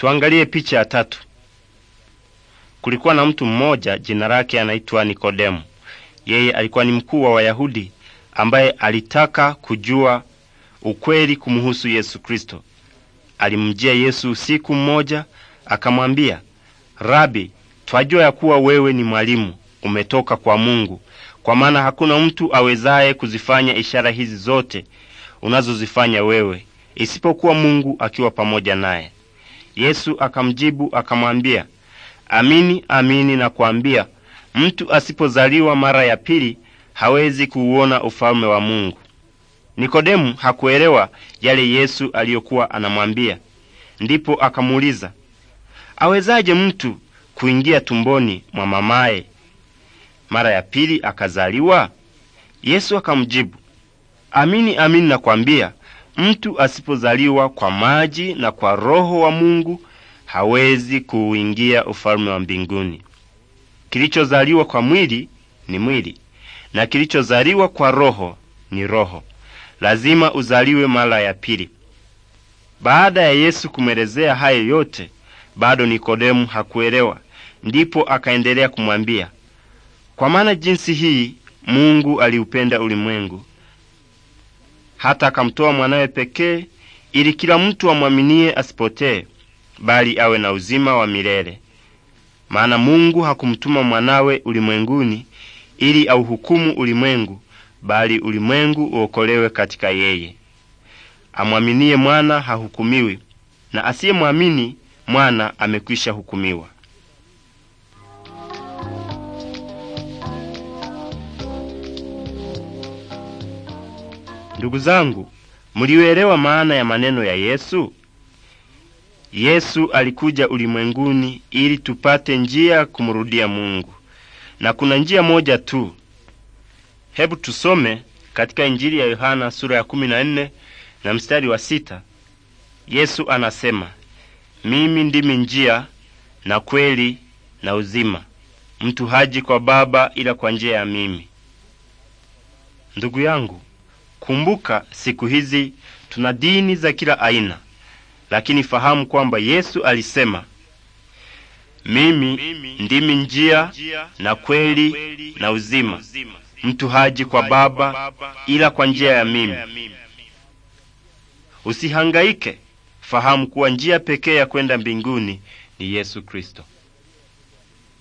Tuangalie picha ya tatu. Kulikuwa na mtu mmoja jina lake anaitwa Nikodemu. Yeye alikuwa ni mkuu wa Wayahudi ambaye alitaka kujua ukweli kumuhusu Yesu Kristo. Alimjia Yesu usiku mmoja, akamwambia, Rabi, twajua ya kuwa wewe ni mwalimu umetoka kwa Mungu, kwa maana hakuna mtu awezaye kuzifanya ishara hizi zote unazozifanya wewe isipokuwa Mungu akiwa pamoja naye. Yesu akamjibu akamwambia, amini amini nakuambia, mtu asipozaliwa mara ya pili hawezi kuuona ufalme wa Mungu. Nikodemu hakuelewa yale Yesu aliyokuwa anamwambia, ndipo akamuuliza, awezaje mtu kuingia tumboni mwa mamaye mara ya pili akazaliwa? Yesu akamjibu, amini amini nakwambia Mtu asipozaliwa kwa maji na kwa Roho wa Mungu hawezi kuuingia ufalme wa mbinguni. Kilichozaliwa kwa mwili ni mwili, na kilichozaliwa kwa Roho ni roho. Lazima uzaliwe mara ya pili. Baada ya Yesu kumwelezea hayo yote, bado Nikodemu hakuelewa. Ndipo akaendelea kumwambia, kwa maana jinsi hii Mungu aliupenda ulimwengu hata akamtoa mwanawe pekee, ili kila mtu amwaminie asipotee, bali awe na uzima wa milele. Maana Mungu hakumtuma mwanawe ulimwenguni ili auhukumu ulimwengu, bali ulimwengu uokolewe katika yeye. Amwaminie mwana hahukumiwi, na asiyemwamini mwana amekwisha hukumiwa. Ndugu zangu, mliuelewa maana ya maneno ya Yesu? Yesu alikuja ulimwenguni ili tupate njia kumrudia Mungu, na kuna njia moja tu. Hebu tusome katika Injili ya Yohana sura ya 14 na mstari wa sita. Yesu anasema, mimi ndimi njia na kweli na uzima, mtu haji kwa Baba ila kwa njia ya mimi. Ndugu yangu, Kumbuka siku hizi tuna dini za kila aina, lakini fahamu kwamba Yesu alisema, mimi ndimi njia na kweli na uzima, mtu haji kwa Baba ila kwa njia ya mimi. Usihangaike, fahamu kuwa njia pekee ya kwenda mbinguni ni Yesu Kristo.